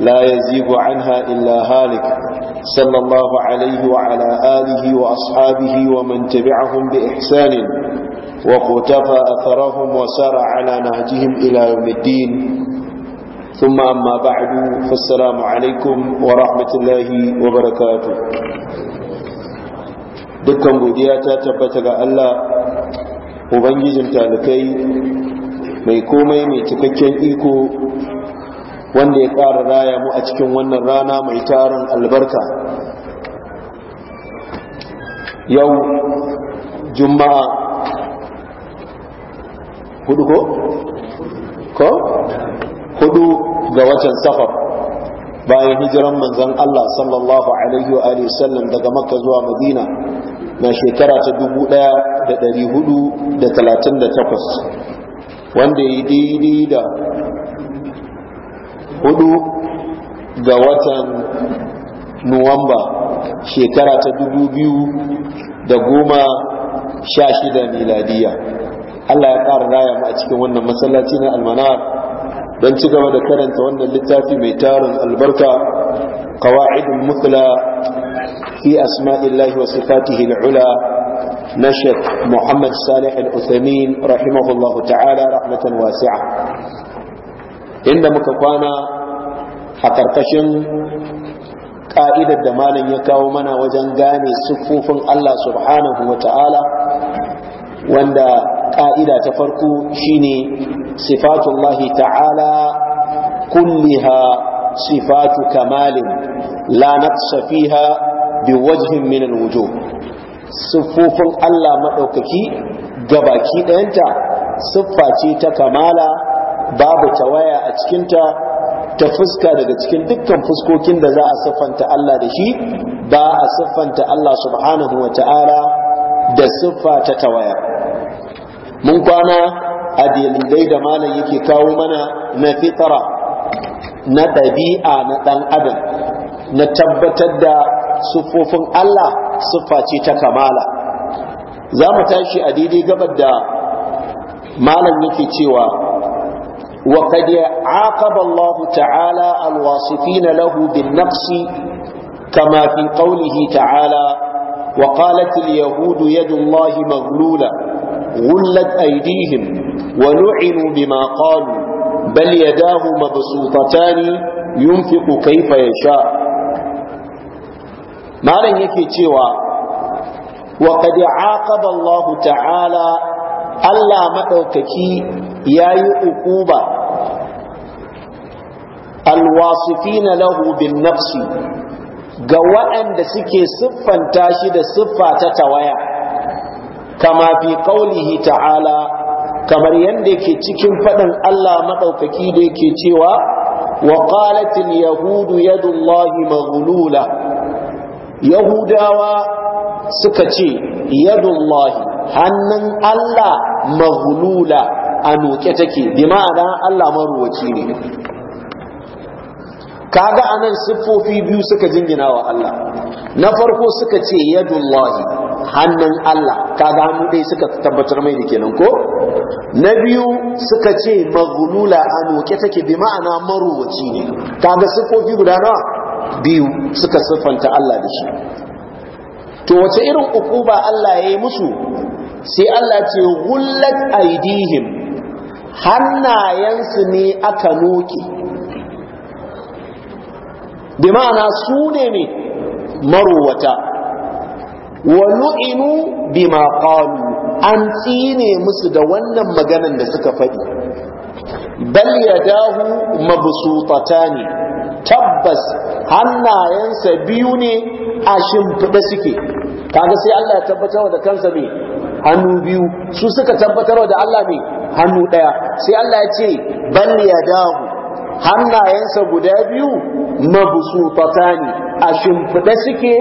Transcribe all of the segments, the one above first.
لا يزيغ عنها إلا هالك صلى الله عليه وعلى آله وأصحابه ومن تبعهم بإحسان وقتفى أثرهم وسار على نهجهم إلى يوم الدين ثم أما بعد فالسلام عليكم ورحمة الله وبركاته dukkan godiya ta tabbata ga Allah ubangijin talikai mai komai mai cikakken iko wanda ya ƙara raya mu a cikin wannan rana mai taron albarka yau juma'a hudu ko? ko? hudu ga watan safar bayan hijiran manzan Allah sallallahu alaihi wa Alaihi sallam daga makka zuwa madina na shekara ta dubu hudu 1438 wanda ya daidai da hudu ga watan nuwamba shekara ta dubu biyu da goma sha shida miladiya Allah ya ƙara raya mu a cikin wannan masallaci na almanar don ci gaba da karanta wannan littafi mai tarin albarka kawa'idun mutla fi asma'illahi wa sifatihi al'ula na shek Muhammad Salih Al-Uthaymeen rahimahullahu ta'ala rahmatan wasi'a inda muka kwana a ƙarƙashin ƙa'idar da malam ya kawo mana wajen gane siffofin Allah subhanahu wa ta'ala wanda ƙa'ida ta farko shine sifatullahi ta'ala kulliha sifatu kamalin la naqsa fiha wajhin min alwujuh siffofin Allah maɗaukaki gabaki ɗayanta siffa ce ta kamala babu tawaya a cikinta ta fuska daga cikin dukkan fuskokin da za a siffanta Allah da shi ba a siffanta Allah subhanahu wa ta'ala da siffa ta tawaya mun kwana a dalilai da malam yake kawo mana na fitara na ɗabi'a na ɗan adam na tabbatar da siffofin Allah siffa ce ta kamala za mu tashi a daidai gabar da malam yake cewa وقد عاقب الله تعالى الواصفين له بالنقص كما في قوله تعالى وقالت اليهود يد الله مغلولة غلت أيديهم ولعنوا بما قالوا بل يداه مبسوطتان ينفق كيف يشاء ما لن يكتوى وقد عاقب الله تعالى ألا مأوككي ya yi ukuba na lahu bin nafsi ga waɗanda suke siffanta shi da siffa ta tawaya kama fi ta'ala kamar yadda ke cikin faɗin Allah maɗaukaki da yake cewa wa qalatil yahudu yadullahi maghlula yahudawa suka ce yadullahi hannun Allah maghlula a noke take bi ma'ana Allah maruwaci ne kaga anan siffofi biyu suka jingina wa Allah na farko suka ce yadullahi hannun Allah kaga hannu dai suka tabbatar mai da kenan ko na biyu suka ce maghlula a noke take bi ma'ana maruwaci ne kaga siffofi guda nawa biyu suka siffanta Allah da shi to wace irin ukuba Allah ya yi musu sai Allah ce gullat aidihim hannayensu ne aka noke bi ma'ana su ne ne marowata wa bima qalu an tsine musu da wannan maganan da suka faɗi bal yadahu ne, tabbas hannayensa biyu ne a shimfiɗe suke kaga sai Allah ya tabbatar da kansa ne hannu biyu su suka tabbatar da Allah ne hannu ɗaya sai Allah ya ce ya dahu, hannayensa guda biyu ne. a shimfiɗe suke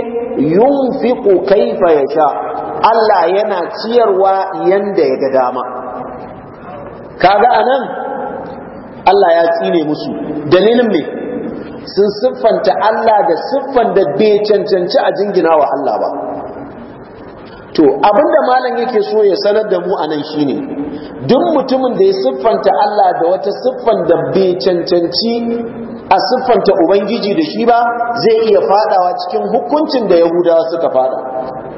yunfiqu kaifa yasha Allah yana ciyarwa yanda ya ga dama kaga anan Allah ya tsine musu dalilin ne sun siffanta Allah da siffan da bai cancanci a jingina wa Allah ba to abinda malam yake so ya sanar da mu anan shine duk mutumin da ya siffanta Allah da wata siffan da bai cancanci a siffanta ubangiji da shi ba zai iya fadawa cikin hukuncin da yahudawa suka fada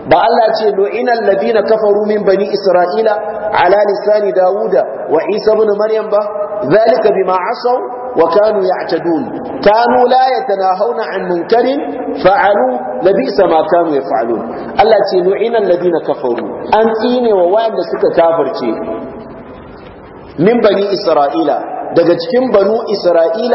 ba Allah ce inal ladina kafaru min bani isra'ila ala lisani dauda wa isa ibn maryam ba zalika bima asaw وكانوا يعتدون كانوا لا يتناهون عن منكر فعلوا لبئس ما كانوا يفعلون الله تنعين الذين كفروا أن تيني ووان سك كافرتي من بني إسرائيل دقجكم بنو إسرائيل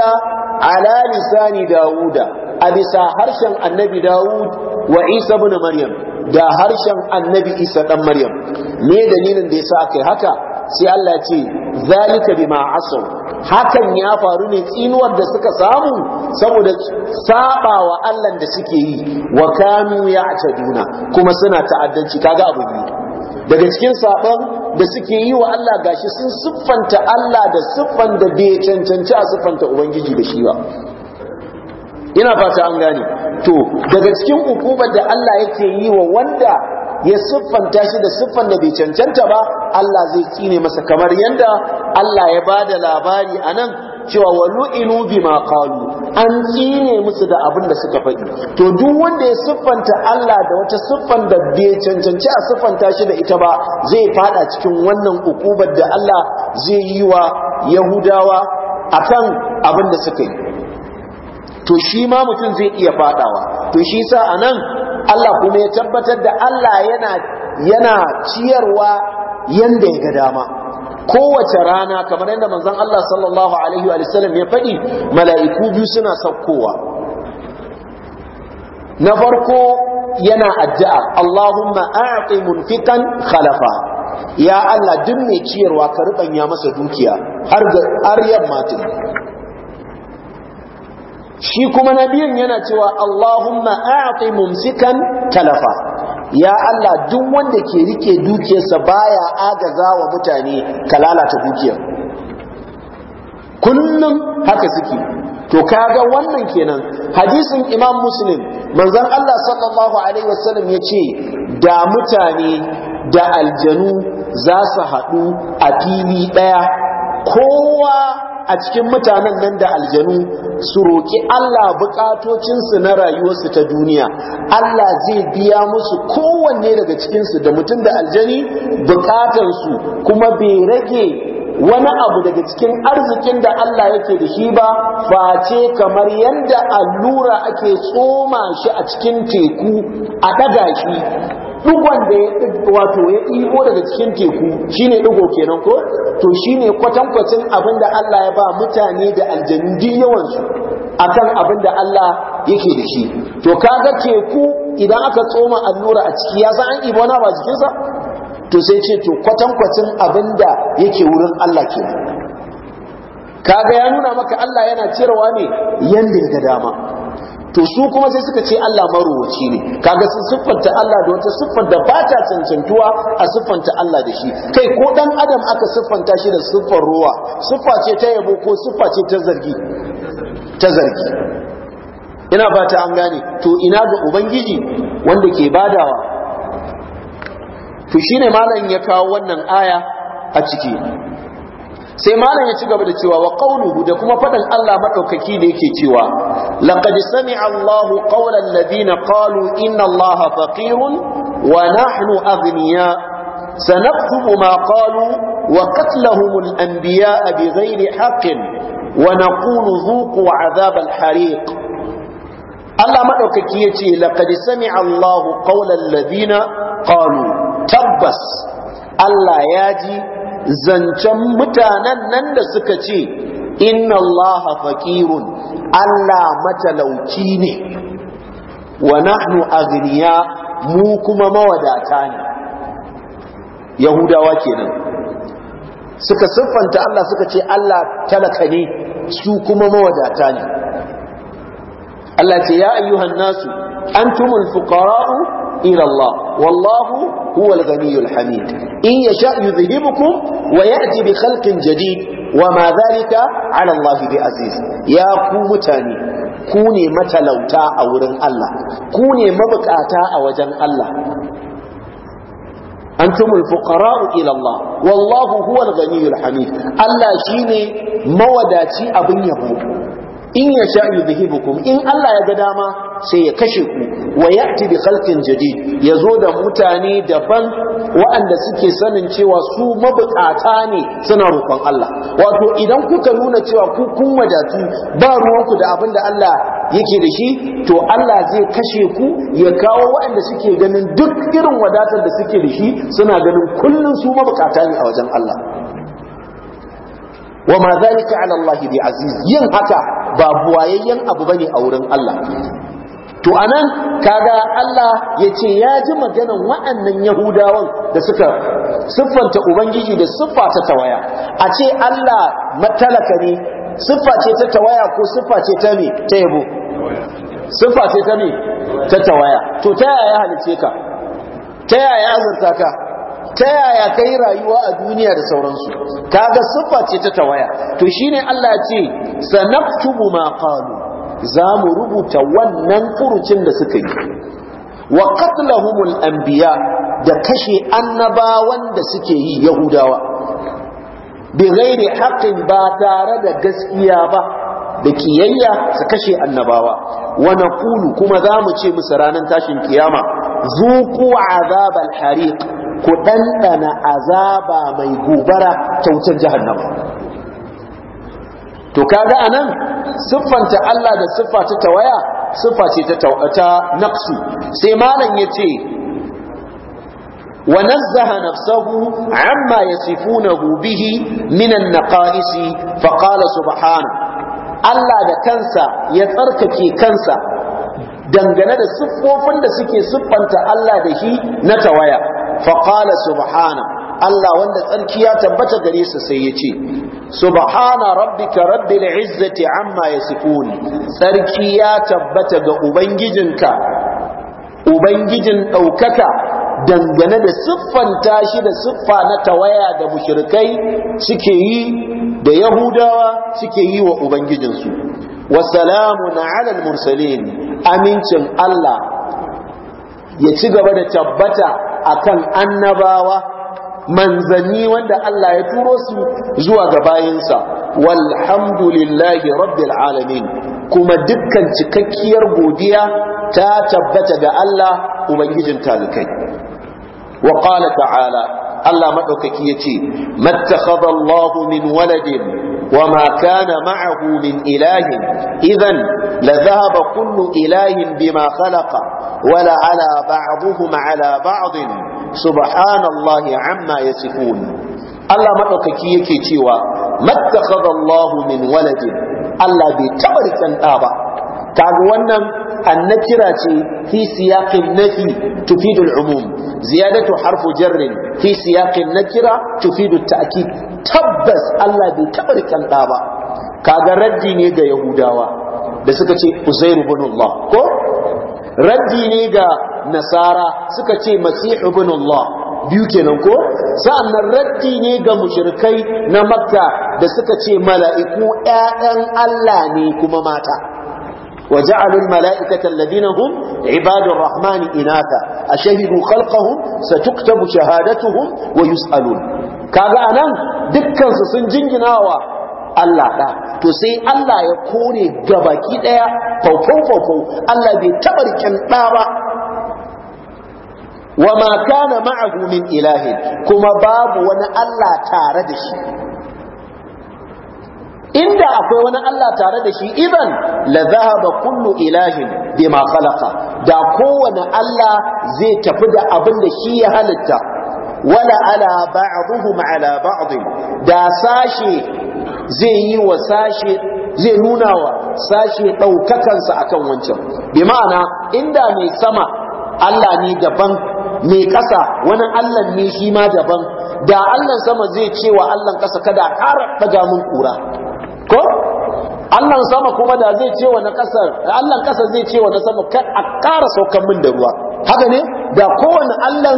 على لسان داود أبسا هرشا النبي داود وعيسى بن مريم da harshen annabi isa dan maryam me dalilin da yasa akai haka sai Allah ya ce zalika bima asaw hakan ya faru ne tsinuwar da suka samu saboda wa Allah da suke yi wa kanu duna kuma suna ta'addanci kaga abu ne daga cikin saban da suke yi wa Allah gashi sun siffanta Allah da siffan da bai cancanci a siffanta ubangiji da shi ba ina fata an gane to daga cikin hukumar da Allah yake yi wa wanda ya siffanta shi da siffan da bai cancanta ba Allah zai tsine masa kamar yanda Allah ya bada labari a nan. cewa walu'inu bima qalu an tsine musu da abin da suka faɗi to duk wanda ya siffanta Allah da wata siffan da bai cancanci a siffanta shi da ita ba zai fada cikin wannan ukubar da Allah zai yi wa Yahudawa akan abin da suka yi to shi ma mutum zai iya fadawa to shi sa anan Allah kuma ya tabbatar da Allah yana yana ciyarwa yanda ya ga dama kowace rana kamar yadda manzon Allah sallallahu alaihi wa sallam ya faɗi mala'iku biyu suna saukowa na farko yana addu'a Allahumma a'ti munfiqan khalafa ya Allah duk mai ciyarwa ka rubanya masa dukiya har har yamma tun shi kuma na biyun yana cewa Allahumma a'ti mumsikan talafa ya Allah duk wanda ke rike dukiyarsa baya agaza wa mutane ka lalata dukiyar kullum haka suke to kaga wannan kenan hadisin Imam Muslim manzon Allah sallallahu alaihi wasallam yace da mutane da aljanu za su haɗu a fili ɗaya kowa a cikin mutanen nan da aljanu su roƙi Allah buƙatocinsu na rayuwarsu ta duniya Allah zai biya musu kowanne daga cikinsu da mutum da aljani buƙatarsu kuma bai rage wani abu daga cikin arzikin da Allah yake da shi ba face kamar yadda allura ake tsoma shi a cikin teku a ɗaga shi duk wanda ya wato ya ɗibo daga cikin teku shine ɗigo kenan ko to shine kwatankwacin abin da Allah ya ba mutane da aljanu duk yawansu akan abin da Allah yake da shi to kaga teku idan aka tsoma allura a ciki ya san an ɗibo na ba jikinsa to sai ce to kwatankwacin abin da yake wurin Allah kenan kaga ya nuna maka Allah yana cirewa ne yanda ga dama to su kuma sai suka ce Allah marowaci ne kaga sun siffanta Allah da wata siffar da ba ta cancantuwa a siffanta Allah da shi kai ko dan adam aka siffanta shi da siffar ruwa siffa ce ta yabo ko siffa ce ta zargi ta zargi ina ba ta an gane to ina ga ubangiji wanda ke badawa to shine malam ya kawo wannan aya a ciki sai malam ya ci gaba da cewa wa qawluhu da kuma fadan Allah madaukaki da yake cewa laqad sami'a Allahu qawla alladhina qalu inna Allaha faqirun wa nahnu aghniya sanaktubu ma qalu wa qatlahum al-anbiya'a bighairi haqqin wa naqulu dhuqu 'adhab al-hariq Allah madaukaki yace laqad sami'a Allahu qawla alladhina qalu tabbas Allah ya ji zancen mutanen nan da suka ce inna Allah fakirun Allah matalauci ne wa nahnu aghniya mu kuma mawadata ne yahudawa kenan suka siffanta Allah suka ce Allah talaka ne su kuma mawadata ne Allah ce ya ayyuhan nasu antumul fuqara'u إلى الله والله هو الغني الحميد إن يشاء يذهبكم ويأتي بخلق جديد وما ذلك على الله بعزيز يا كومتاني كوني متلوتا أورن الله كوني مبكاتا أوجن الله أنتم الفقراء إلى الله والله هو الغني الحميد الله شيني موداتي أبن يبو in ya sha yuzhibukum in Allah ya ga dama sai ya kashe ku wa ya'ti bi khalqin jadid zo da mutane daban waɗanda suke sanin cewa su mabukata ne suna roƙon Allah wato idan kuka nuna cewa ku kun wadatu ba ruwanku da abin da Allah yake da shi to Allah zai kashe ku ya kawo waɗanda suke ganin duk irin wadatar da suke da shi suna ganin kullum su mabukata ne a wajen Allah wa ma zalika ala Allah bi aziz yin haka ba buwayayyen abu ba ne a wurin Allah to anan kaga Allah ya ce ya ji maganan wa'annan Yahudawan da suka siffanta Ubangiji da siffa ta tawaya a ce Allah matalaka ne siffa ce ta tawaya ko siffa ce ta ne ta yabo siffa ce ta me ta tawaya to ta yaya halice ka ta yaya azurta ka ta yaya yi rayuwa a duniya da sauransu ga siffa ce ta tawaya to shine Allah ya ce sanaktubu ma qalu za mu rubuta wannan furucin da suka yi wa qatlahumul anbiya da kashe annabawan da suke yi yahudawa bi ghairi haqqin ba tare da gaskiya ba da kiyayya su kashe annabawa wa naqulu kuma za mu ce musu ranar tashin kiyama zuqu azabal hariq ku ɗanɗana azaba mai gobara ta wutar jahannama to kaga anan siffanta Allah da siffa ta tawaya siffa ce ta ta sai malam ce, wa nazzaha nafsahu amma yasifunahu bihi minan an-naqa'is fa qala subhana Allah da kansa ya tsarkake kansa dangane da siffofin da suke siffanta Allah da shi na tawaya faƙala subhana Allah wanda tsarki ya tabbata gare su sai ya ce subhana rabbika rabbil izzati amma yasifun tsarki ya tabbata ga ubangijinka ubangijin ɗaukaka dangane da siffanta shi da siffa na tawaya da mushrikai suke yi da yahudawa suke yi wa ubangijinsu wasalamun alal mursalin amincin Allah ya ci gaba da tabbata akan annabawa manzanni wanda Allah ya turo su zuwa ga bayinsa walhamdulillahi rabbil alamin kuma dukkan cikakkiyar godiya ta tabbata ga Allah ubangijin talikai wa qala ta'ala Allah madaukaki yace mattakhadallahu min waladin وما كان معه من إله إذا لذهب كل إله بما خلق ولعلى بعضهم على بعض سبحان الله عما يصفون Allah maɗaukaki yake cewa mattakhadha min waladin Allah bai taɓa rikan ba kaga wannan annakira ce fi siyaqin nafi tufidu al-umum ziyadatu harfu jarr fi siyaqin nakira tufidu at-ta'kid tabbas Allah bai taɓa rikan ba kaga raddi ne ga yahudawa da suka ce Uzairu ibn Allah ko raddi ne ga nasara suka ce masihu ibn Allah biyu kenan ko Sannan raddi ne ga mushirikai na makka da suka ce mala'iku ƴaƴan Allah ne kuma mata wa ja'alul mala'ikata alladhina hum ibadur rahmani inatha ashhadu khalqahum satuktabu shahadatuhum wa yus'alun kaga anan dukkan su sun jinginawa Allah ɗa to sai Allah ya kore gabaki ɗaya faufau-faufau Allah bai taɓa rikin ɗa ba wa ma kana ma'ahu min ilahin kuma babu wani Allah tare da shi inda akwai wani Allah tare da shi idan la zahaba kullu ilahin bima khalaqa da kowane Allah zai tafi da abin da shi ya halitta wala ala ba'dhum ala ba'd da sashi zai yi wa sashe zai nuna wa sashe ɗaukakansa akan wancan bi ma'ana inda mai sama Allah ne daban mai ƙasa wani Allah ne shi ma daban da Allah sama zai ce wa Allah ƙasa kada ƙara ɗaga mun ƙura ko Allah sama kuma da zai ce wa na ƙasar Allah ƙasa zai ce wa na sama kar a ƙara saukan min da ruwa haka ne da kowane Allah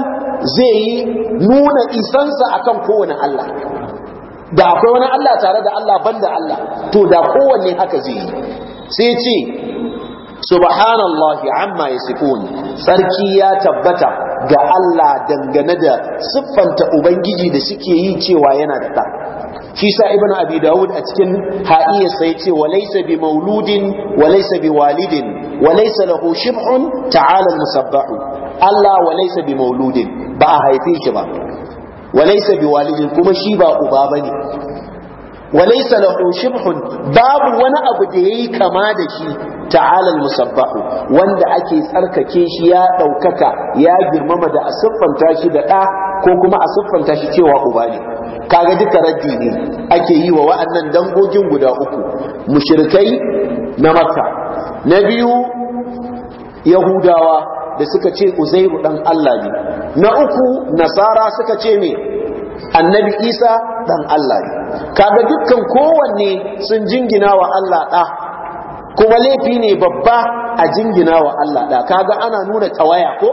zai yi nuna isansa akan kowane Allah da akwai wani Allah tare da Allah banda Allah to da kowanne haka zai yi sai ce subhanallahi amma yasifun sarki ya tabbata ga Allah dangane da siffanta ubangiji da suke yi cewa yana da ta shi ibnu abi daud a cikin ha'iyar sai ce walaysa bi mauludin walaysa bi walidin walaysa lahu shib'un ta'ala musabbahu Allah walaysa bi mauludin ba a haife shi ba walaysa walidi kuma shi ba uba bane walaysa lahu shibhun babu wani abu da yayi kama da shi ta'ala musabbahu wanda ake tsarkake shi ya daukaka ya girmama da asiffanta shi da da ko kuma a siffanta shi cewa uba ne kaga duka raddi ne ake yi wa wa'annan dangogin guda uku mushrikai na makka na biyu yahudawa da suka ce uzairu dan Allah ne na uku nasara suka ce ne annabi isa dan Allah ne kaga dukkan kowanne sun jingina wa Allah da kuma laifi ne babba a jingina wa Allah da. kaga ana nuna tawaya ko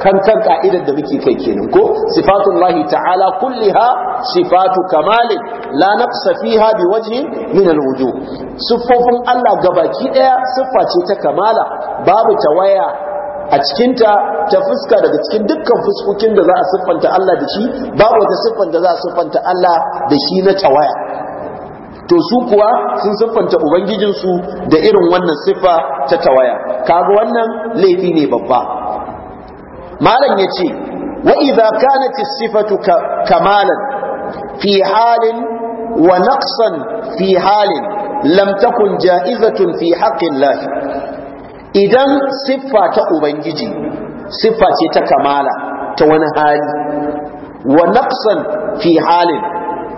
kan kan ka'idar da muke kai kenan ko sifatullahi ta'ala kulliha sifatu kamalin la naqsa fiha waje min alwujuh siffofin Allah gabaki daya siffa ce ta kamala babu tawaya a cikinta ta fuska daga cikin dukkan fuskokin da za a siffanta Allah da shi babu wata siffan da za a siffanta Allah da shi na tawaya to su kuwa sun siffanta ubangijinsu da irin wannan siffa ta tawaya kaga wannan laifi ne babba malam ya ce, wa idza kanat as-sifatu kamalan fi halin wa naqsan fi halin lam takun ja'izatun fi haqqin idan siffa ta ubangiji siffa ce ta kamala ta wani hali wa naqsan fi halin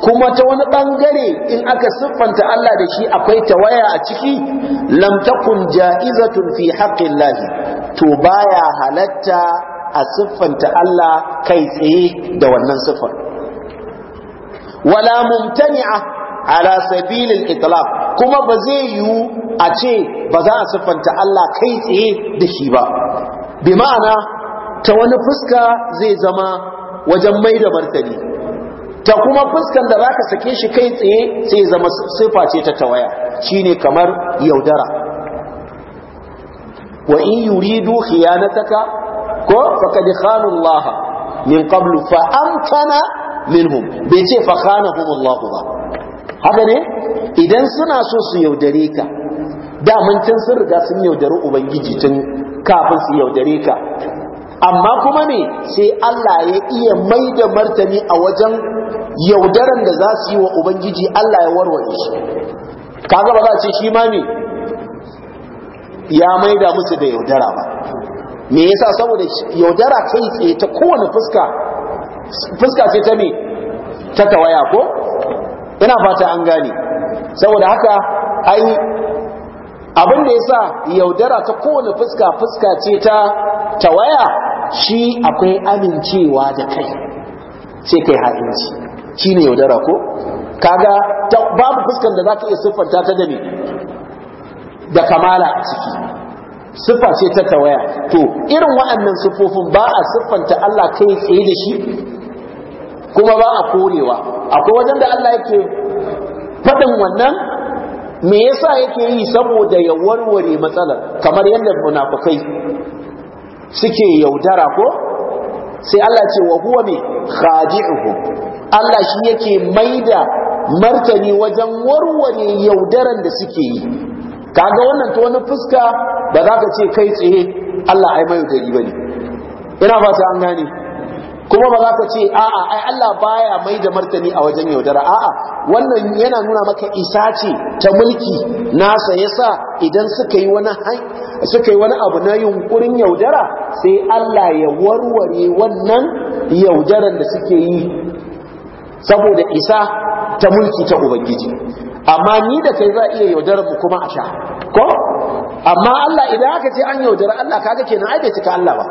kuma ta wani bangare in aka siffanta Allah da shi akwai tawaya a ciki lam takun ja'izatun fi haqqillahi to baya halatta a siffanta Allah kai tsaye da wannan siffar wala mumtani'a ala sabilil itlaq kuma ba zai yiwu a ce ba za a siffanta Allah kai tsaye da shi ba bi ma'ana ta wani fuska zai zama wajen mai da martani ta kuma fuskan da zaka sake shi kai tsaye sai zama siffa ce ta tawaya shine kamar yaudara wa in yuridu khiyanataka ko faqad khana Allah min qablu fa amkana minhum bai ce fa khanahum Allah ba haka ne idan suna so su yaudare ka mun can sun riga sun yaudari ubangiji tun kafin su yaudare ka amma kuma ne sai Allah ya iya mai da martani a wajen yaudaran da za su yi wa ubangiji Allah ya warware shi kaga ba za a ce shi ma ne ya mai da musu da yaudara ba me yasa saboda yaudara kai tsaye ta kowane fuska fuska ce ta me ta tawaya ko ina fata an gane saboda haka ai abin da yasa yaudara ta kowane fuska fuska ce ta tawaya shi akwai amincewa da kai sai kai shi shine yaudara ko kaga babu fuskan da zaka iya siffanta ta da da kamala a ciki siffa ce ta tawaya to irin wa'annan siffofin ba a siffanta Allah kai tsaye da shi kuma ba a korewa akwai wajen da Allah yake faɗin wannan me yasa yake yi saboda ya warware matsalar kamar yadda munafukai suke yaudara ko sai Allah ce wa huwa bi khadi'uhu Allah shi yake maida martani wajen warware yaudaran da suke yi kaga wannan ta wani fuska ba za ka ce kai tsaye Allah ai mai yaudari bane ina fata an gane kuma ba za ka ce a'a ai Allah baya mai da martani a wajen yaudara a'a wannan yana nuna maka isa ce ta mulki nasa yasa idan suka yi wani suka yi wani abu na yunkurin yaudara sai Allah ya warware wannan yaudaran da suke yi saboda isa ta mulki ta ubangiji amma ni da kai za iya yaudarar mu kuma a sha ko amma Allah idan aka ce an yaudara Allah kaga kenan ai bai cika Allah ba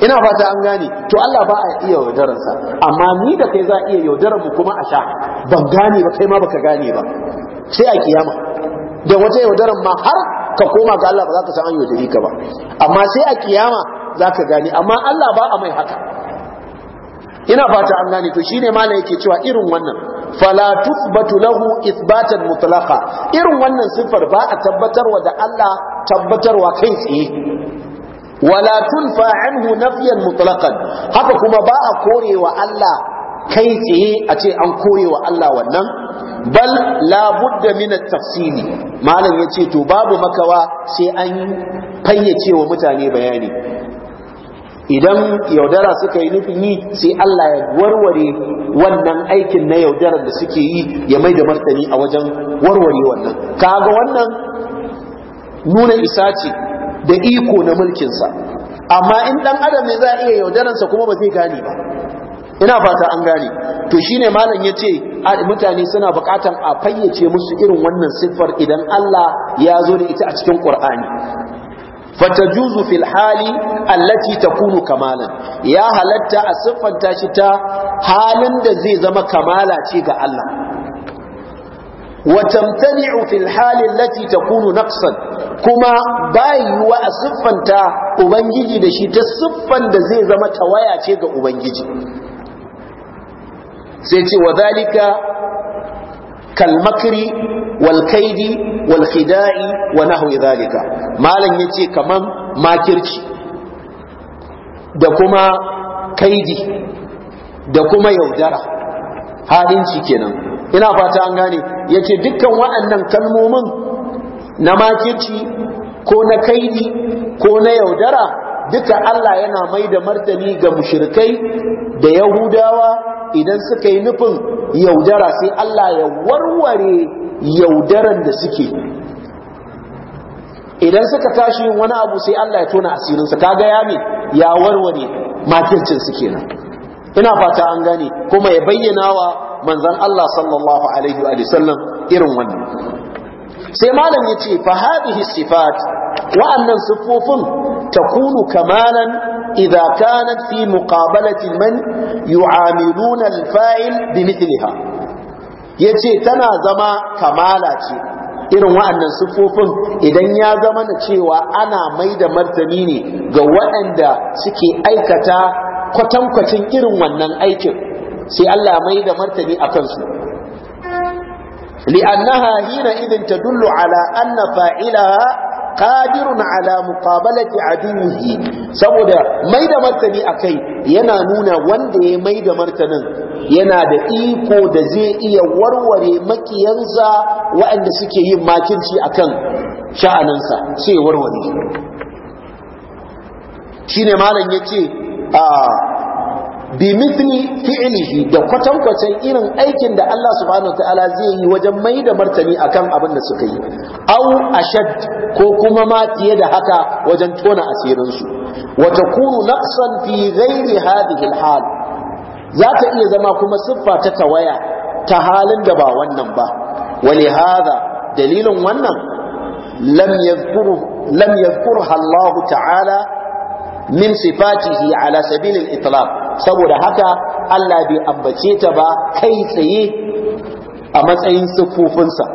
ina fata an gane to Allah ba a iya yaudararsa amma ni da kai za a iya yaudarar mu kuma a sha ban gane ba kai ma baka gane ba sai a kiyama da wata yaudarar ma har ka koma ga Allah ba za ka san an yaudari ka ba amma sai a kiyama za ka gane amma Allah ba a mai haka ina fata an gane to shine malam yake cewa irin wannan fala tuthbatu lahu ithbatan mutlaqa irin wannan sifar ba a tabbatarwa da Allah tabbatarwa kai tsaye wala tunfa anhu nafyan mutlaqan haka kuma ba a korewa Allah kai tsaye a ce an korewa Allah wannan bal la budda min at-tafsili malam yace to babu makawa sai an fayyace wa mutane bayani idan yaudara suka yi nufin yi sai Allah ya warware wannan aikin na yaudarar da suke yi ya mai da martani a wajen warware wannan kaga wannan nuna isa ce da iko na mulkinsa amma in dan adam ne za a iya yaudaransa kuma ba zai gane ba ina fata an gane to shine malam ya ce mutane suna bukatan a fayyace musu irin wannan siffar idan Allah ya zo da ita a cikin Qur'ani fatajuzu fil hali allati takunu kamalan ya halatta a siffanta shi ta halin da zai zama kamala ce ga Allah wa tamtani'u fil hali allati takunu naqsan kuma bayiwa a siffanta ubangiji da shi ta siffan da zai zama tawaya ce ga ubangiji sai ce wa zalika kalmakri wal kaidi wal khida'i wa nahwi zalika malam yace kaman makirci da kuma kaidi da kuma yaudara halinci kenan ina fata an gane yace dukkan waɗannan kalmomin na makici ko na kaidi ko na yaudara duka Allah yana mai da martani ga mushrikai da yahudawa idan suka yi nufin yaudara sai Allah ya warware yaudaran da suke idan suka tashi yin wani abu sai Allah ya tona asirinsa kaga ya ne ya warware makircin su kenan ina fata an gane kuma ya bayyana wa manzon Allah sallallahu alaihi wa sallam irin wannan sai malam yace fa hadhihi sifat wa'annan siffofin takunu kamalan idza kanat fi muqabalati man yu'amiluna al-fa'il bimithliha yace tana zama kamala ce irin wa'annan siffofin idan ya zama na cewa ana mai da martani ne ga waɗanda suke aikata kwatankwacin irin wannan aikin sai Allah mai da martani a kansu li'annaha hina idin tadullu ala anna fa'ilaha qadirun ala muqabalati aduwwihi saboda mai da martani akai yana nuna wanda ya mai da martanin yana da iko da zai iya warware makiyansa waɗanda suke yin makinci akan sha'aninsa sai warware shine malam yace a ah, bi mithli fi'lihi da kwatankwacin irin aikin da Allah subhanahu wataala zai yi wajen mai da martani akan abin da suka yi au ashad ko kuma ma fiye da haka wajen tona asirin su wa takunu naqsan fi ghairi hadhihi al za ta iya zama kuma siffa ta tawaya ta halin da ba wannan ba wani دليل dalilin wannan? lam لم Ta'ala الله تعالى من صفاته على سبيل saboda haka Allah bai ambace ta ba kai tsaye a matsayin siffofinsa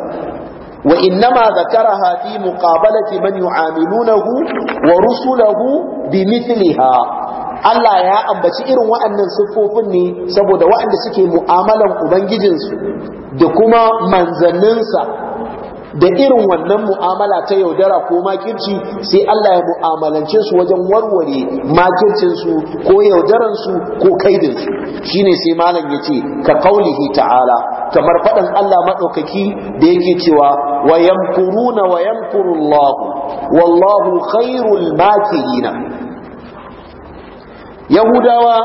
wa innama zakaraha fi muqabalati man yu'amilunahu wa rusulahu bi mithliha Allah ya ambaci irin waɗannan siffofin ne saboda waɗanda suke mu'amalan ubangijinsu da kuma manzanninsa da irin wannan mu'amala ta yaudara ko makirci sai Allah ya mu'amalance su wajen warware makircin ko yaudaran su ko kaidin su shine sai malam yace ka qaulihi ta'ala kamar fadan Allah madaukaki da yake cewa wa yamkuruna wa yamkurullahu wallahu khairul makirina yahudawa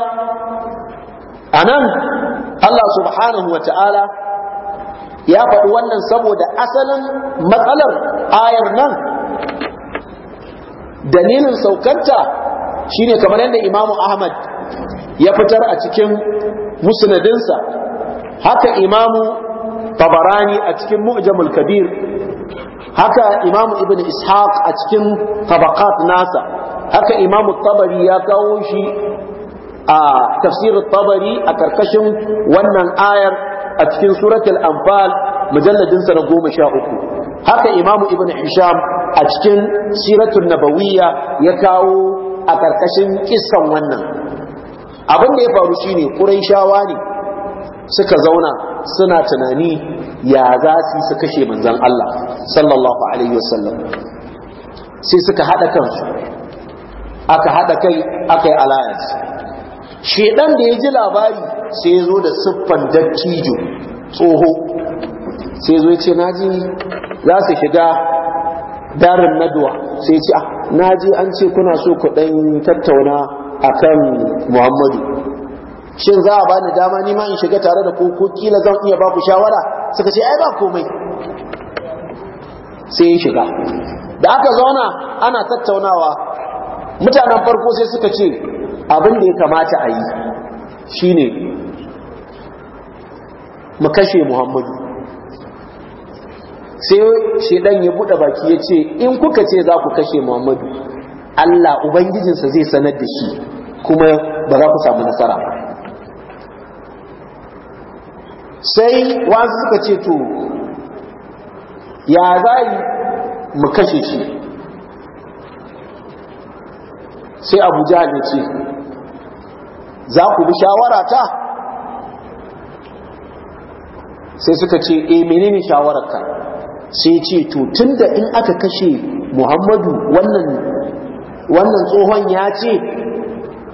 anan Allah subhanahu wa ta'ala ya faɗi wannan saboda asalin matsalar ayar nan dalilin saukanta shine kamar yadda imamu ahmad ya fitar a cikin musnadinsa haka imamu tabarani a cikin mu'jamul kabir haka imamu ibn ishaq a cikin tabaqat nasa haka imamu tabari ya kawo shi a tafsirin tabari a karkashin wannan ayar a cikin suratul anfal mujalladin sa na 13 haka imamu ibnu hisham a cikin siratul nabawiyya ya kawo a karkashin kissan wannan abin da ya faru shine quraishawa ne suka zauna suna tunani ya za su su kashe manzon Allah sallallahu alaihi wasallam sai suka hada kansu aka hada kai aka yi alliance shedan da ya ji labari sai zo da siffan dattijo tsoho sai ya zo ya ce naji za su shiga darin naduwa sai ce ah naji an ce kuna so ku ɗan tattauna akan muhammadu shin za a ba ni dama nima in shiga tare da koko kila zan iya ba ku shawara suka ce ai ba komai sai shiga da aka zauna ana tattaunawa mutanen farko sai suka ce abin da ya kamata a yi shine mu kashe muhammadu sai shedan ya buɗe baki ya ce in kuka ce za ku kashe muhammadu allah ubangijinsa zai sanar da shi kuma ba za ku samu nasara sai wasu suka ce to ya za mu kashe shi sai abu jihar ya ce za ku bi shawara ta sai suka ce e menene shawararka sai ce to tunda in aka kashe muhammadu wannan tsohon ya ce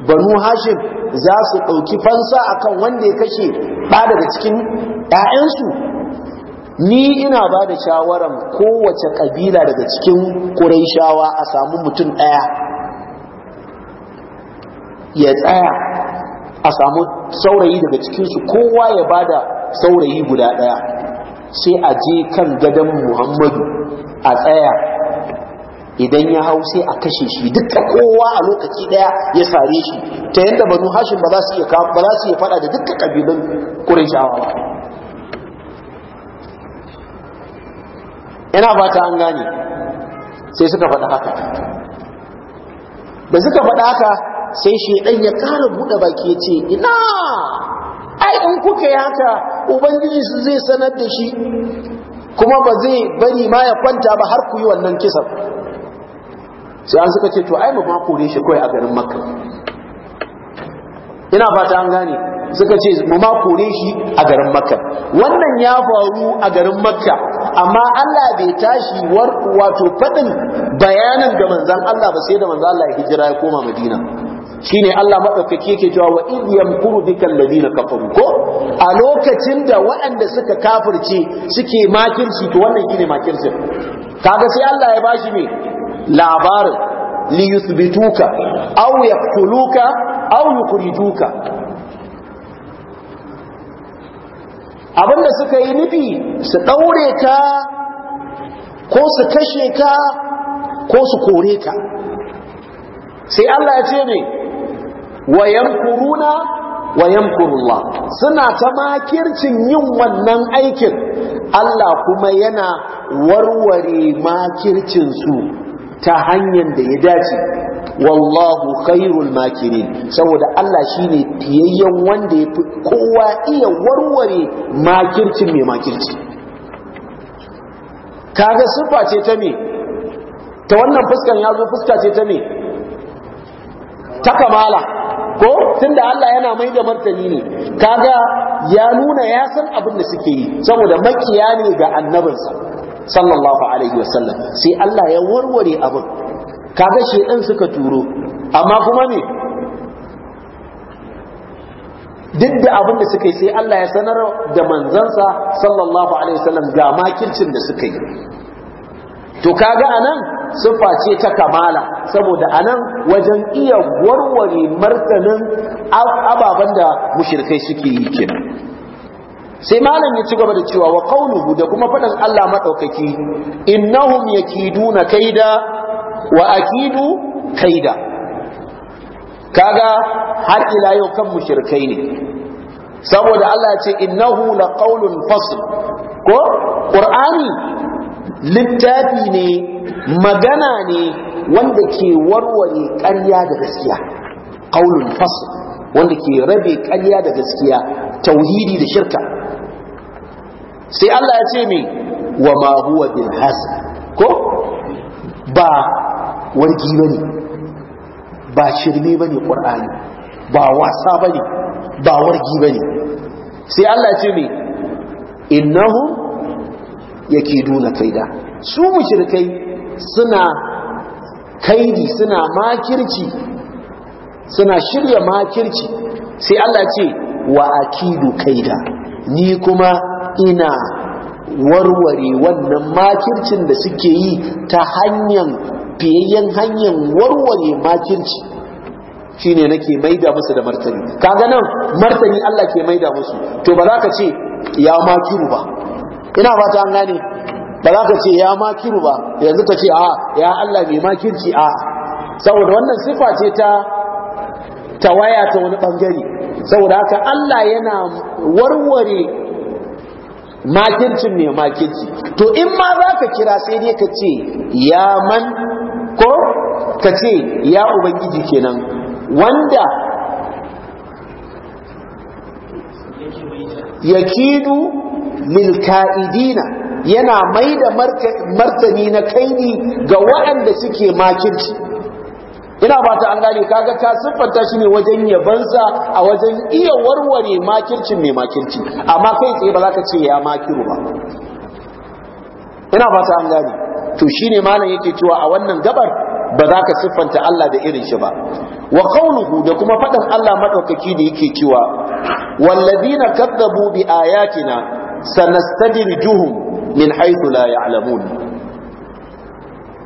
banu hashim za su ɗauki fansa akan wanda ya kashe ba daga cikin ‘ya'yansu ni ina ba da shawaran kowace ƙabila daga cikin shawa a samu mutum ɗaya ya tsaya a samu saurayi daga cikinsu kowa ya bada saurayi guda ɗaya sai a je kan gadon muhammadu a tsaya idan ya hau sai a kashe shi duka kowa a lokaci ɗaya ya sare shi ta yadda banu hashin ba za su iya ba faɗa da duka ƙabilun ba yana an gane sai suka faɗa haka da suka faɗa haka sai shedan ya kara bude baki ya ce ina ai in kuka yi haka ubangiji su zai sanar da shi kuma ba zai bari ma ya kwanta ba har ku yi wannan kisan sai an suka ce to ai mu kore shi kawai a garin makka ina fata an gane suka ce mu ma kore shi a garin makka wannan ya faru a garin makka amma Allah bai tashi wato faɗin bayanin ga manzan Allah ba sai da manzan Allah ya hijira ya koma madina shine Allah madaukaki yake cewa wa id yamkuru bikal ladina kafaru ko a lokacin da waɗanda suka kafirce suke makirci to wannan shine makircin kaga sai Allah ya bashi me labarin li yuthbituka aw yaqtuluka aw yukriduka abinda suka yi nufi su daure ka ko su kashe ka ko su kore ka sai Allah ya ce ne wa yamkuruna wa suna ta makircin yin wannan aikin Allah kuma yana warware makircin su ta hanyar da ya dace wallahu khairul makirin saboda Allah shine tiyayyen wanda yafi kowa iya warware makircin mai makirci kaga sifa ce ta me ta wannan fuskan yazo fuska ce ta me ta kamala ko da Allah yana mai da martani ne kaga ya nuna ya san abin da suke yi saboda makiya ne ga annabinsa sallallahu alaihi wasallam sai Allah ya warware abin kaga shedan suka turo amma kuma ne duk da abin da suka yi sai Allah ya sanar da manzansa sallallahu alaihi wasallam ga makircin da suka yi to kaga anan siffa ce ta kamala saboda anan wajen iya warware martanin ababen da mushirkai suke yi kenan sai malam ya ci gaba da cewa wa qauluhu da kuma fadan Allah madaukaki innahum yakiduna da, wa akidu kaida kaga har ila yau kan mushirkai ne saboda Allah ya ce innahu laqaulun fasl ko qur'ani littafi ne magana ne wanda ke warware ƙarya da gaskiya qaulul fasu wanda ke rabe ƙarya da gaskiya tauhidi da shirka sai Allah ya ce me wa ma huwa hasa ko ba wargi bane ba shirme bane ƙwar'ani ba wasa bane ba wargi bane sai Allah ya ce me innahum yake duna kaida su mushrikai suna kaidi suna makirci suna shirya makirci sai Allah ce wa akidu kaida ni kuma ina warware wannan makircin da suke yi ta hanyan, fiyayyen hanyan warware makirci shine nake maida musu da martani kaga nan martani Allah ke maida musu to ba za ka ce ya makiru ba ina fata an gane ba za ka ce ya makiru ba yanzu ka ce a ya Allah mai makirci a saboda wannan sifa ce ta tawaya ta wani bangare saboda haka Allah yana warware makircin mai makirci to in ma za ka kira sai dai ka ce ya man ko ka ce ya ubangiji kenan wanda yakidu Milka'idina yana mai da martani na kaini ga waɗanda suke makirci ina ba ta an gane kaga ka siffanta shi ne wajen yabansa a wajen iya warware makircin mai makirci amma kai tsaye ba za ka ce ya makiru ba ina ba ta an gane to shine malam yake cewa a wannan gabar ba za ka siffanta Allah da irin shi ba wa qawluhu da kuma fadan Allah madaukaki da yake cewa wallazina kadzabu bi ayatina sanastadrijuhum min haythu la ya'lamun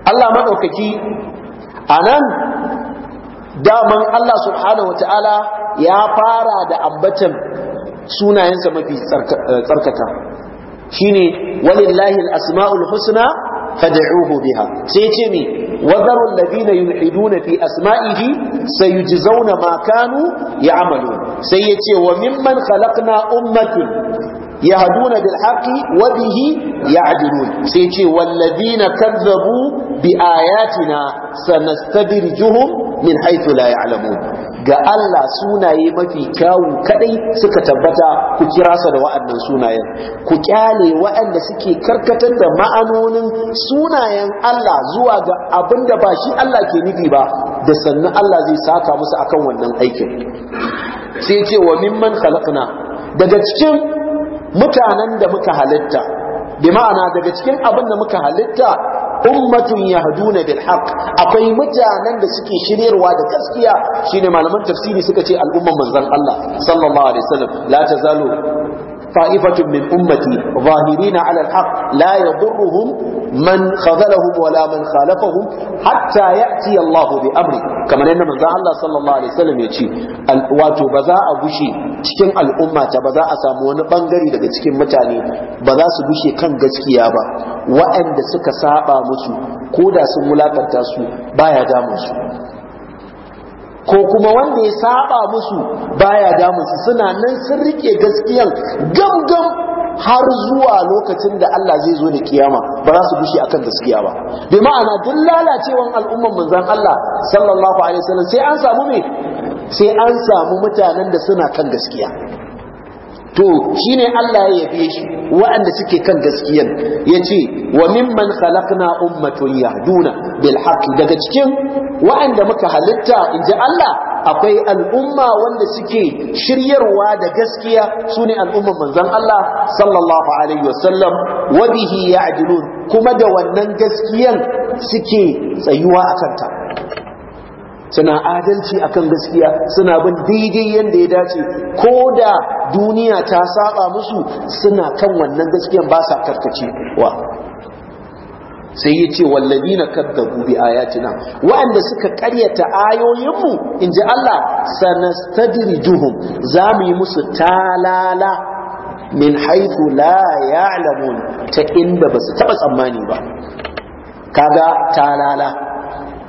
Allah madaukaki anan daman Allah subhanahu wataala ya fara da ambatan sunayensa mafi eh, tsarkaka shine walillahi al-asma'ul husna fad'uhu biha sai ce me wadaru alladhina yulhiduna fi asma'ihi sayujzauna ma kanu ya'malun sai yace wa mimman khalaqna ummatun yahduna bil haqqi wa bihi ya'dilun sai ce wallazina kazzabu bi ayatina sanastadrijuhum min ga Allah sunaye mafi kyawun kadai suka tabbata ku kira sa da wa'annan sunayen ku kyale wa'anda suke karkatar da ma'anonin sunayen Allah zuwa ga abinda ba shi Allah ke nufi ba da sannan Allah zai saka musu akan wannan aikin sai ce wa mimman khalaqna daga cikin mutanen da muka halitta bi ma'ana daga cikin abin da muka halitta ummatun yahduna bil haqq akwai mutanen da suke shiryarwa da gaskiya shine malaman tafsiri suka ce al'umman manzon Allah sallallahu alaihi wasallam la tazalu طائفة من أمتي ظاهرين على الحق لا يضرهم من خذلهم ولا من خالفهم حتى يأتي الله بأمره كما أن من الله صلى الله عليه وسلم يتشي الواتو بزاء بشي تكن الأمة بزاء سامون بانغري لك تكن متاني بزاء بشي كان قسكيابا وأن سكسابا مسو كودا سمولاتا تاسو بايا دامسو ko kuma wanda ya saba musu baya su, suna nan sun rike gaskiyan gamgam har zuwa lokacin da Allah zai zo da kiyama ba za su bushe akan gaskiya ba bi ma'ana duk lalacewan al'umman manzon Allah sallallahu alaihi wasallam sai an samu me sai an samu mutanen da suna kan gaskiya to shi ne Allah ya yabe shi waɗanda suke kan ya yace wa mimman khalaqna ummatun yahduna bil haqq daga cikin waɗanda muka halitta inji Allah akwai al'umma wanda suke shiryarwa da gaskiya sune al'umman manzon Allah sallallahu alaihi wasallam wa bihi ya'dilun kuma da wannan gaskiyan suke tsayuwa a kanta suna adalci akan gaskiya suna bin daidai yadda ya dace ko da duniya ta saba musu suna kan wannan gaskiyan ba sa wa sai ya ce wallabi na a bi nan waɗanda suka karyata ayoyinmu in ji Allah juhun za mu yi musu talala min haifu la ya alamun ta inda ba su taɓa tsammani ba kaga talala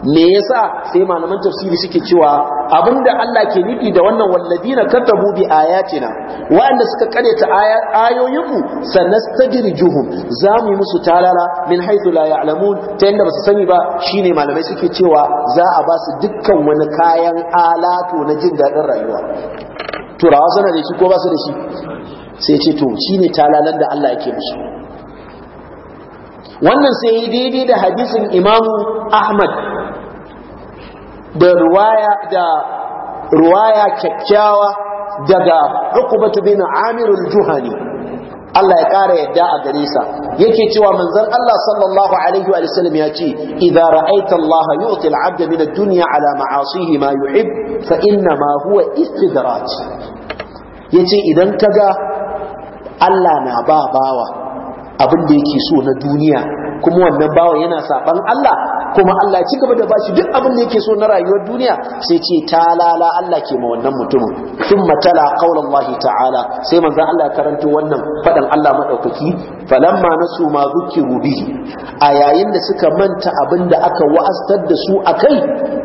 me yasa sai malaman tafsiri suke cewa abinda Allah ke nufi da wannan walladina katabu bi ayatina wa'anda suka kareta ayoyin mu sanastadrijuhum zamu musu talala min haythu la ya'lamun ta yanda basu sani ba shine malamai suke cewa za a ba su dukkan wani kayan alato na jin dadin rayuwa turawa suna da shi ko ba su da shi sai ce to shine talalan da Allah yake musu wannan sai daidai da hadisin imamu ahmad da ruwaya da ruwaya kyakkyawa daga Uqbatu bin Amir al-Juhani Allah ya ƙara yadda a gare sa yake cewa manzon Allah sallallahu alaihi wa sallam ya ce idza ra'aita Allah yu'ti al-'abda min ad-dunya ala ma'asihi ma yuhib fa inna ma huwa istidraj yace idan kaga Allah na ba bawa abin da yake so na duniya kuma wannan bawa yana saban Allah kuma Allah ci gaba da bashi duk abin da yake so na rayuwar duniya sai ce talala Allah ke ma wannan mutumin matala tala qaulallahi ta'ala sai manzan Allah ya karanto wannan faɗan Allah maɗaukaki. falamma nasu ma zukiru bihi a yayin da suka manta abin da aka wa'astar da su akai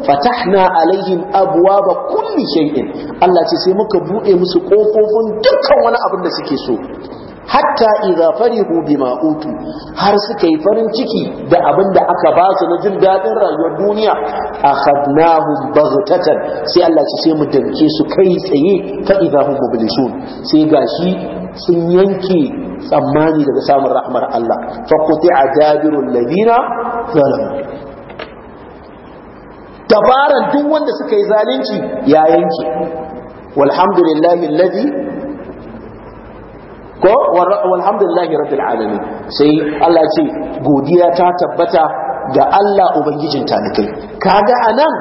fatahna alaihim abwaba kulli shay'in Allah ce sai muka bude musu kofofin dukkan wani abin da suke so hatta idza farihu bima utu har suka yi farin ciki da abin da aka ba su na jin dadin rayuwar duniya akhadnahum baghtatan sai Allah ya ce mu danke su kai tsaye fa idza hum mublisun sai gashi sun yanke tsammani daga samun rahmar Allah fa quti'a dabirul ladina zalamu dabaran duk wanda suka yi zalunci ya yanke walhamdulillahi alladhi ko walhamdulillahi rabbil alamin sai Allah ce godiya ta tabbata ga Allah ubangijin talikai kaga anan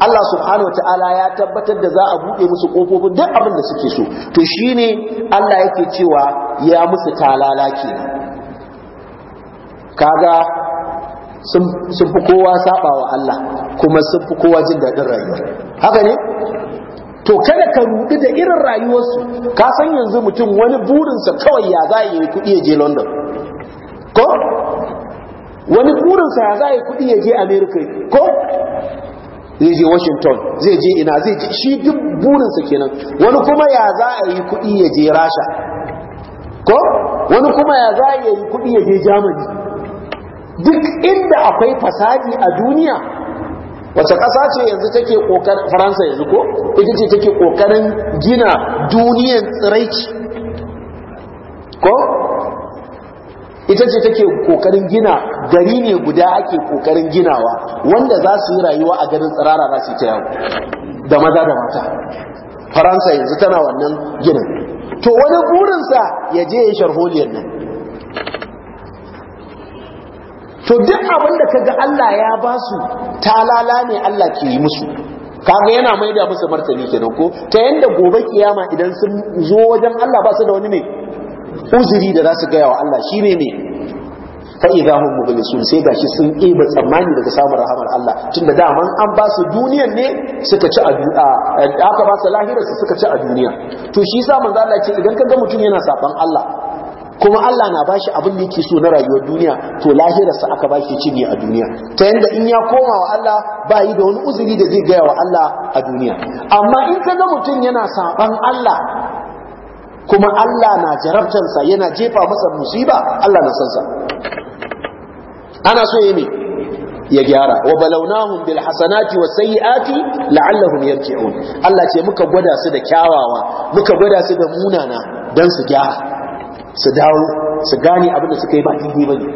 Allah subhanahu wa ya tabbatar da za a buɗe musu kofofin duk abin da suke so to shine Allah yake cewa ya musu talala ke kaga sun fi kowa sabawa Allah kuma sun fi kowa jin daɗin rayuwa haka ne to kada ka rudu da irin rayuwarsu ka san yanzu mutum wani burinsa kawai ya za yi kuɗi ya je london ko wani burinsa ya za yi kuɗi ya je america ko zai je washington zai je ina zai ji shi duk burinsa kenan wani kuma ya za a yi kuɗi ya je rasha ko wani kuma ya za a yi kuɗi ya je germany duk inda akwai fasadi a duniya wace ƙasa ce yanzu take ƙoƙarin faransa yanzu ko ita ce take ƙoƙarin gina duniyan tsiraici ko ita ce take ƙoƙarin gina gari ne guda ake ƙoƙarin ginawa wanda za su yi rayuwa a garin tsirara za su yi ta da maza da mata faransa yanzu tana wannan ginin to wani burinsa ya je ya sharholiyar nan to duk abin da kaga Allah ya ba su talala ne Allah ke yi musu kaga yana maida musu martani kenan ko ta yanda gobe kiyama idan sun zo wajen Allah ba su da wani ne uzuri da za su gaya wa Allah shine ne fa idza hum mublisun sai gashi sun ba tsammani daga samun rahamar Allah tunda daman an ba su duniyan ne suka ci a aka ba su lahira su suka ci a duniya to shi yasa manzo Allah ce idan kaga mutum yana saban Allah kuma Allah na bashi abin da yake so na rayuwar duniya to lahirarsa aka bashi cinye a duniya ta yanda in ya koma wa Allah ba yi da wani uzuri da zai gaya wa Allah a duniya amma in ka ga mutum yana saban Allah kuma Allah na jarabtansa yana jefa masa musiba Allah na sansa ana so yi ne ya gyara wa balawnahum bil hasanati was sayyiati la'allahum yarji'un Allah ce muka gwada su da kyawawa muka gwada su da munana dan su gyara su dawo su gane abinda da suka yi ba daidai bane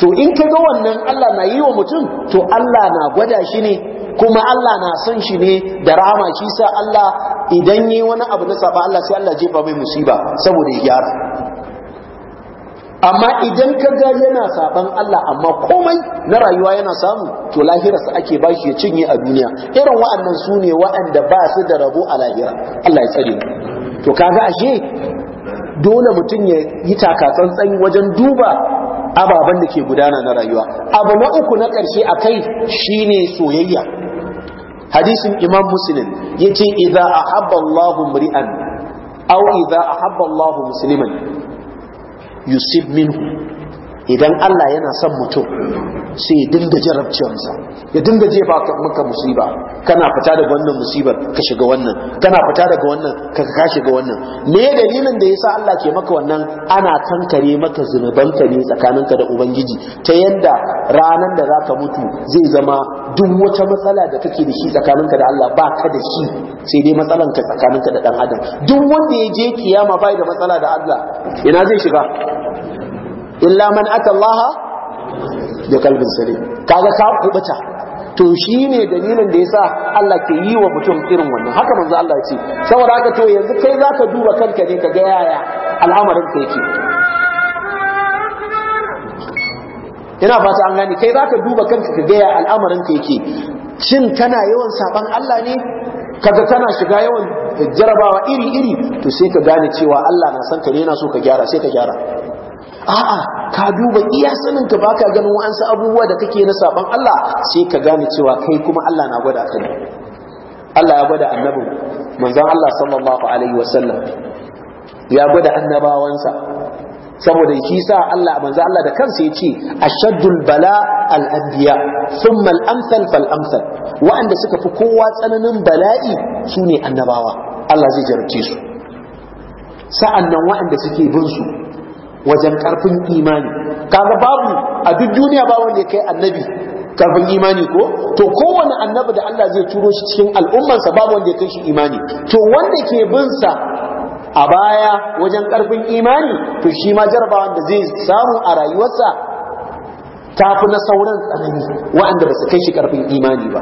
to in ka ga wannan Allah na yi wa mutum to Allah na gwada shi ne kuma Allah na son shi ne da rahama shi sa Allah idan yi wani abu na saba Allah sai Allah jefa mai musiba saboda ya gyara amma idan ka ga yana saban Allah amma komai na rayuwa yana samu to su ake ba shi ya cinye a duniya irin wa'annan su ne wa'anda ba su da rabo a lahira Allah ya tsare to kaga ashe dole mutum ya yi takatsantsan wajen duba ababen da ke gudana na rayuwa abu na uku na ƙarshe a kai shi ne soyayya hadisin imam muslim ya ce a ahabba allahu mri'an iza a ahabba allahu musulman yusuf minhu idan Allah yana son mutum sai ya dinga jarabciyarsa ya dinga ba maka musiba kana fita daga wannan musibar ka shiga wannan kana fita daga wannan ka ka shiga wannan me dalilin da yasa Allah ke maka wannan ana tankare maka ka ne tsakaninka da ubangiji ta yanda ranan da zaka mutu zai zama duk wata matsala da kake da shi tsakaninka da Allah ba ka da shi sai dai matsalan ka tsakaninka da dan adam duk wanda ya je kiyama bai da matsala da Allah ina zai shiga illa man ata Allah da kalbin salim kaga ka kubuta to shine dalilin da yasa Allah ke yi wa mutum irin wannan haka manzo Allah ya ce saboda haka to yanzu kai zaka duba kanka ne ka ga yaya al'amarin ka yake ina fata an gani kai zaka duba kanka ka ga yaya al'amarin ka yake shin kana yawan saban Allah ne kaga kana shiga yawan jarabawa iri iri to sai ka gane cewa Allah na san ka ne yana so ka gyara sai ka gyara a'a ka duba iya sanin ka baka ganin wa'ansu abubuwa da kake na saban Allah sai ka gane cewa kai kuma Allah na gwada kai Allah ya gwada annabin manzon Allah sallallahu alaihi wasallam ya gwada annabawansa saboda shi sa Allah manzo Allah da kansa ya ce ashaddul bala al anbiya thumma al amsal fal amsal wa'anda suka fi kowa tsananin bala'i sune annabawa Allah zai jarabce su sa'annan wa'anda suke bin su wajen karfin imani kaga babu a duk duniya ba wanda ya kai annabi karfin imani ko to kowane annabi da Allah zai turo shi cikin al'ummarsa babu wanda ya kai shi imani to wanda ke bin sa a baya wajen karfin imani to shi ma jarabawan da zai samu a rayuwarsa tafi na sauran tsanani waɗanda ba su kai shi karfin imani ba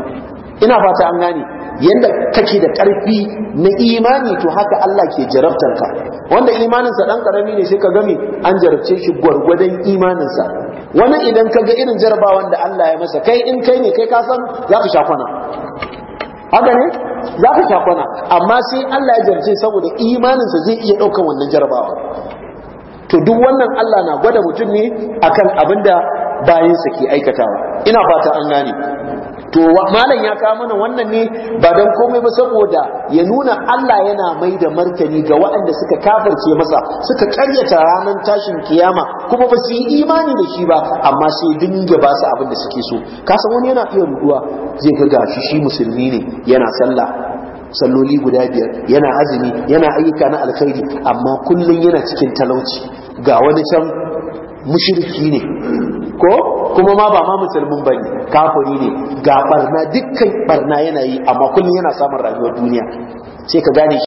ina fata an gane yadda kake da ƙarfi na imani to haka Allah ke jarabtar ka wanda imaninsa dan ƙarami ne sai ka gami an jarabce shi gwargwadon imaninsa wani idan ka ga irin jarabawan da Allah ya masa kai in kai ne kai ka san za ka sha haka ne za ka sha amma sai Allah ya jarabce saboda imaninsa zai iya ɗaukan wannan jarabawa to duk wannan Allah na gwada mutum ne akan abin da bayansa ke aikatawa ina fata an gane to malam ya kawo mana wannan ne ba don komai ba saboda ya nuna Allah yana mai da martani ga waɗanda suka kafirce masa suka karyata ranar tashin kiyama kuma ba su yi imani da shi ba amma sai dinga ba su abin da suke so kasan wani yana iya ruduwa zai ga gashi shi musulmi ne yana sallah salloli guda biyar yana azumi yana ayyuka na alkhairi amma kullum yana cikin talauci ga wani can mushriki ne ko kuma ma ba ma musulmin ne kafiri ne ga barna dukkan barna yana yi amma kullum yana samun rayuwar duniya sai ka gane